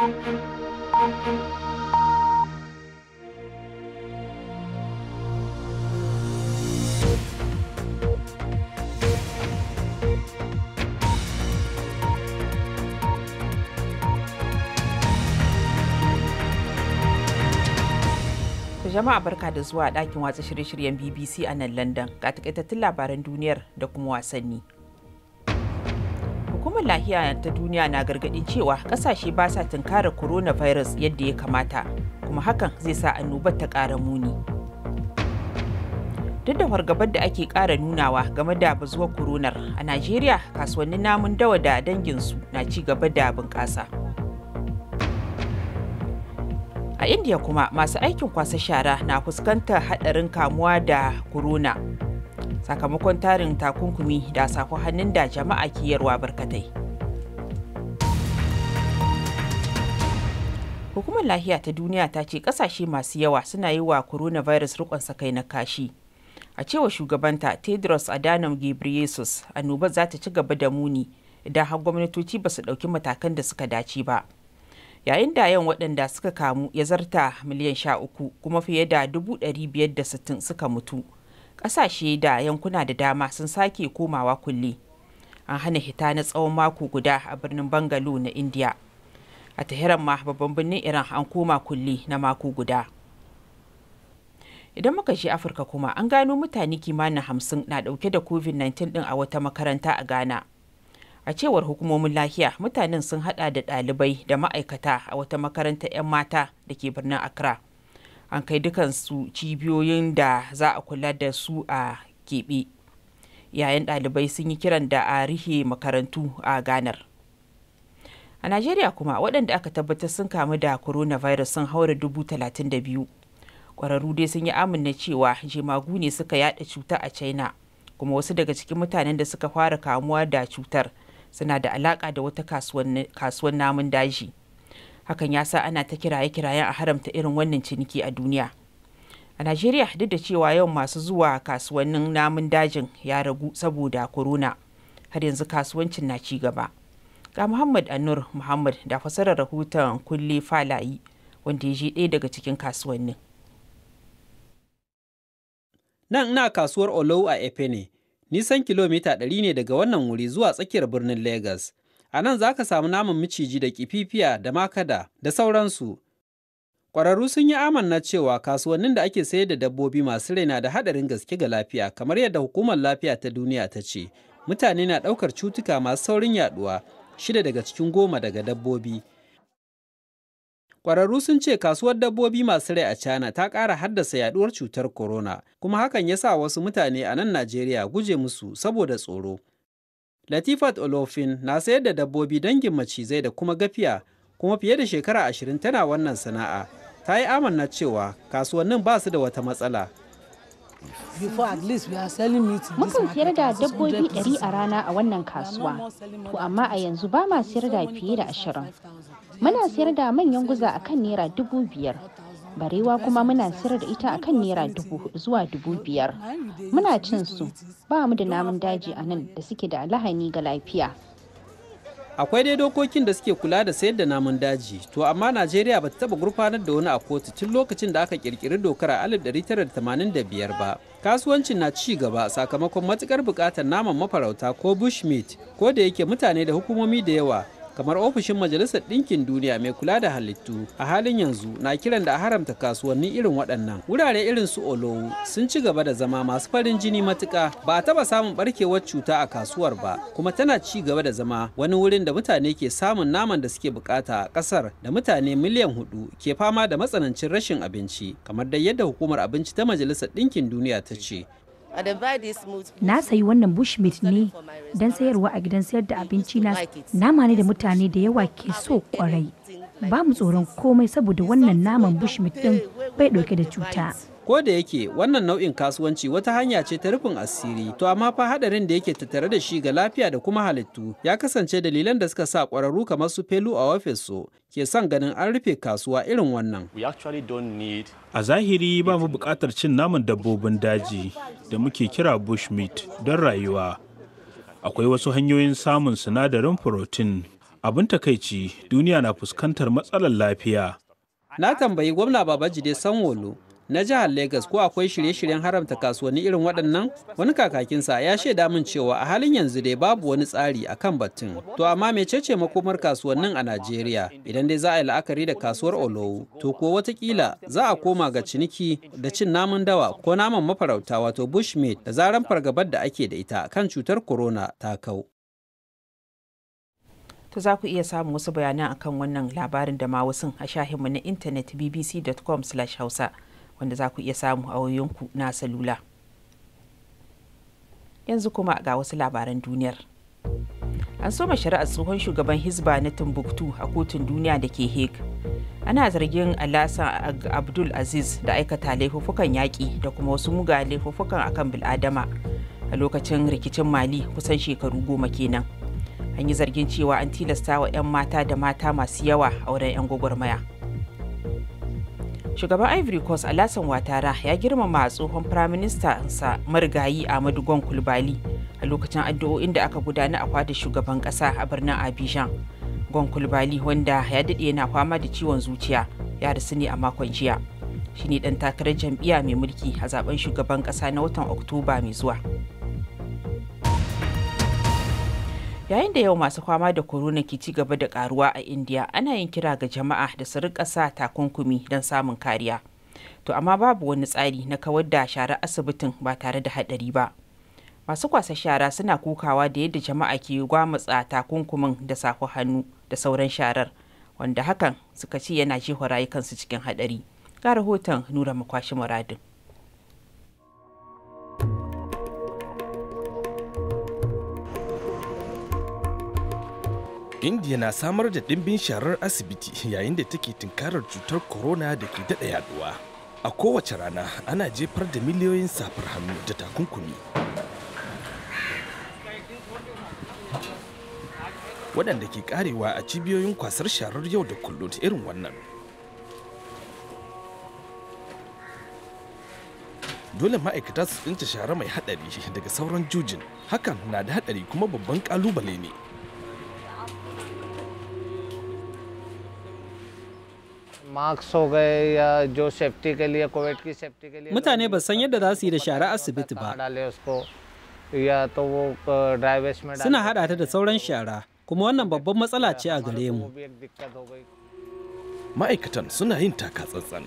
jama'a barka da zuwa ɗakin watsa shirye-shiryen bbc a nan london ga takaitattun labaran duniyar da kuma wasanni hukumar lahiya ta duniya na gargaɗin cewa ƙasashe ba sa tunkarar coronavirus yadda ya kamata kuma hakan zai sa annobar ta ƙara muni duk da fargabar da ake ƙara nunawa game da bazuwar coronar, a najeriya kasuwannin namun dawa da danginsu na ci gaba da bunƙasa a indiya kuma masu aikin kwasa shara na fuskantar haɗarin kamuwa da corona sakamakon tarin takunkumi da sako hannun da jama'a ke yarwa barkatai. Hukumar lahiya ta duniya ta ce kasashe masu yawa suna yi wa coronavirus rikon sakai na kashi. A cewa shugabanta Tedros Adhanom Ghebreyesus annoba za ta ci gaba da muni idan har gwamnatoci ba su ɗauki matakan da suka dace ba. Yayin da yan waɗanda suka kamu ya zarta miliyan sha uku kuma fiye da dubu ɗari biyar da sittin suka mutu. ƙasashe da yankuna da dama sun sake komawa kulle an hana hita na tsawon mako guda a birnin bangalo na india a tahiran ma babban birnin iran an koma kulle na mako guda idan muka shi afirka kuma an gano mutane kimanin hamsin na dauke da covid-19 din a wata makaranta a ghana a cewar hukumomin lafiya mutanen sun hada da dalibai da ma'aikata a wata makarantar 'yan mata da ke birnin accra an kai dukansu cibiyoyin da za a kula da su a keɓe yayin ɗalibai sun yi kiran da a rihe makarantu a ganar a najeriya kuma waɗanda aka tabbatar sun kamu da coronavirus sun haura dubu talatin da biyu ƙwararru dai sun yi amina cewa jemagu ne suka yada cuta a china kuma wasu daga cikin mutanen da suka fara kamuwa da cutar suna da alaƙa da wata kasuwan namun daji hakan ya sa ana ta kiraye-kirayen a haramta irin wannan ciniki a duniya a najeriya duk da cewa yawan masu zuwa kasuwannin namun dajin ya ragu saboda corona har yanzu kasuwancin na ci gaba ga muhammad anur muhammad da fasarar rahoton kulle falayi wanda ya je ɗaya daga cikin kasuwannin nan ina kasuwar olow a efe ne nisan kilomita 100 ne daga wannan wuri zuwa tsakiyar birnin lagos A nan za ka samu naman miciji da kififiya da makada da sauransu. Ƙwararru sun yi amanna cewa kasuwannin da ake sayar da dabbobi masu rai na da haɗarin gaske ga lafiya kamar yadda hukumar lafiya ta duniya ta ce mutane na ɗaukar cutuka masu saurin yaɗuwa shida daga cikin goma daga dabbobi. Ƙwararru sun ce kasuwar dabbobi masu rai a China ta ƙara haddasa yaɗuwar cutar corona kuma hakan ya sa wasu mutane a nan Najeriya guje musu saboda tsoro. latifat olofin na sayar da dabbobi dangin macizai da kuma gafiya kuma fiye da shekara ashirin tana wannan sana'a ta yi amanna cewa kasuwannin ba su da wata matsala Mukan sayar da dabbobi ɗari a rana a wannan kasuwa, to amma a yanzu ba ma sayar da fiye da ashirin. Muna sayar da manyan guza a kan naira dubu biyar, barewa kuma muna sayar da ita akan naira dubu zuwa dubu biyar muna cin su ba mu da namun daji a nan da suke da lahani ga lafiya akwai dai dokokin da suke kula da sayar da namun daji to amma najeriya ba ta taba gurfanar da wani a kotu tun lokacin da aka kirkiri dokar a 1985 ba kasuwancin na ci gaba sakamakon matukar bukatar naman mafarauta ko bushmeat ko da yake mutane da hukumomi da yawa kamar ofishin majalisar ɗinkin duniya mai kula da halittu a halin yanzu na kiran da a haramta kasuwanni irin waɗannan wurare irin su olowu sun ci gaba da zama masu farin jini matuka ba a taɓa samun ɓarkewar cuta a kasuwar ba kuma tana ci gaba da zama wani wurin da mutane ke samun naman da suke bukata a ƙasar da mutane miliyan hudu ke fama da matsanancin rashin abinci kamar da yadda hukumar abinci ta majalisar ɗinkin duniya ta ce Na sayi wannan bush bushmeat ne don sayarwa a gidan sayar da abinci na nama ne da mutane da yawa ke so kwarai. Ba mu tsoron komai saboda wannan naman bushmeat din bai dauke da cuta. ko da yake wannan nau'in kasuwanci wata hanya ce ta rufin asiri to amma fa hadarin da yake tattare da shi ga lafiya da kuma halittu ya kasance dalilan da suka sa kwararru kamar su felu a su ke son ganin an rufe kasuwa irin wannan a zahiri ba mu buƙatar cin naman dabbobin daji da muke kira bushmeat don rayuwa akwai wasu hanyoyin samun sinadarin protein abin takaici duniya na fuskantar matsalar lafiya na tambayi gwamna babajide sanwolo na jihar Legas ko akwai shirye-shiryen haramta kasuwanni irin waɗannan? Wani kakakin sa ya shaida min cewa a halin yanzu dai babu wani tsari a kan batun. To amma mecece makomar kasuwannin a Najeriya idan dai za a yi la'akari da kasuwar Olowu? To ko watakila za a koma ga ciniki da cin namun dawa ko naman mafarauta wato bushmeat da zaran fargabar da ake da ita kan cutar corona ta kau. to za ku iya samun wasu bayanan akan wannan labarin da ma wasu a shahinmu na intanet bbc.com/hausa wanda za ku iya samu a wayoyinku na salula yanzu kuma ga wasu labaran duniyar an soma shari'ar tsohon shugaban hizba na timbuktu a kotun duniya da ke hague ana zargin alasan abdul aziz da aikata laifuffukan yaƙi da kuma wasu muga laifuffukan akan bil'adama a lokacin rikicin mali kusan shekaru goma kenan an yi zargin cewa an tilasta wa 'yan mata da mata masu yawa a wurin 'yan gwagwarmaya. shugaban ivory coast alasan watara ya girmama tsohon firaminista sa marigayi amadu gon kulbali a lokacin addu'o'in da aka gudana a fadar shugaban kasa a birnin abidjan gon kulbali wanda ya daɗe yana fama da ciwon zuciya ya rasu ne a makon jiya shi ne dan takarar jam'iyya mai mulki a zaben shugaban kasa na watan oktoba mai zuwa yayin da yau masu fama da corona ke ci gaba da karuwa a india ana yin kira ga jama'a da su rika sa takunkumi don samun kariya to amma babu wani tsari na kawar da shara asibitin ba tare da hadari ba masu kwasa shara suna kukawa da yadda jama'a ke gwamutsa takunkumin da safa hannu da sauran sharar wanda hakan suka ce yana jefa rayukansu cikin hadari ga rahoton nura makwashi muradin indiya na samar da ɗimbin sharar asibiti yayin da take tunkarar cutar corona da ke daɗa yaduwa a kowace rana ana jefar da miliyoyin safar hannu da takunkumi waɗanda ke karewa a cibiyoyin kwasar sharar yau da kullum irin wannan dole ma'aikata su tsinta shara mai haɗari daga sauran jujin hakan na da haɗari kuma babban ƙalubale ne marks ho gaye ya jo safety ke liye covid ki safety ke liye mutane ba san yadda za su yi da shara asibiti ba dale usko ya to wo drivers suna hada ta da sauran shara kuma wannan babban matsala ce a gare mu ma'aikatan suna yin taka tsantsan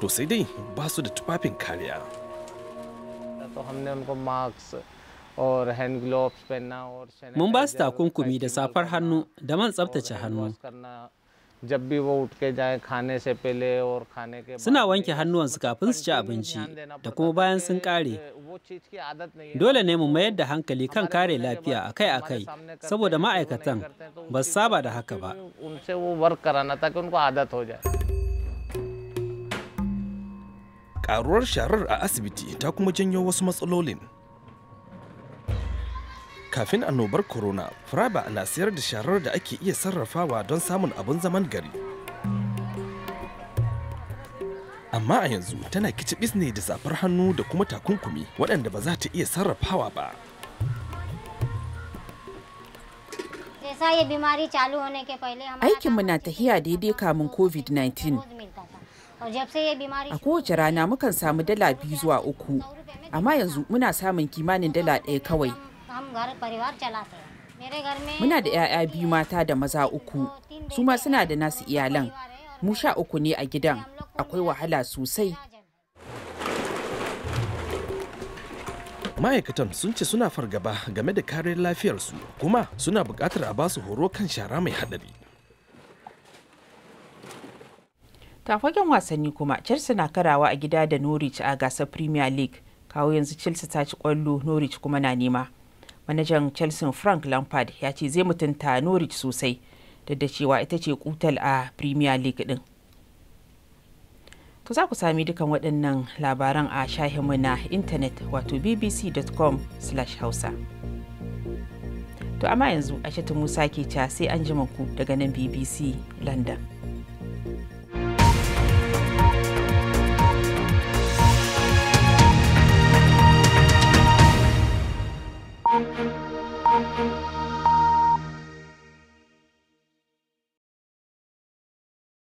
to sai dai ba su da tufafin kariya to हमने उनको marks Mun ba su takunkumi da safar hannu da man tsabtace hannu. Suna wanke hannuwansu kafin su ci abinci da kuma bayan sun kare. Dole ne mu mayar da hankali kan kare lafiya akai-akai saboda ma'aikatan ba su saba da haka ba. Ƙaruwar sharar a asibiti ta kuma janyo wasu matsalolin. kafin annobar corona Fraba na siyar da sharar da ake iya sarrafawa don samun abun zaman gari amma a yanzu tana kicibis ne da safar hannu da kuma takunkumi waɗanda ba za ta iya sarrafawa ba aikinmu na tahiya daidai kamun covid-19 a kowace rana mukan samu dala biyu zuwa uku amma yanzu muna samun kimanin dala ɗaya kawai muna da 'ya'ya biyu mata da maza uku su ma suna da nasu iyalan mu sha uku ne a gidan akwai wahala sosai ma'aikatan sun ce suna fargaba game da kariyar lafiyarsu kuma suna buƙatar a basu horo kan shara mai haɗari tafagen wasanni kuma chelsea na karawa a gida da norwich a gasar premier league kawo yanzu chelsea ta ci kwallo norwich kuma na nema manajan chelsea frank lampard ya ce zai mutunta norwich sosai duk da cewa ita ce kutal a premier league din to za ku sami dukan waɗannan labaran a shahinmu na intanet wato bbc.com/hausa to amma yanzu aishatu musa ke ca sai an ku daga nan bbc london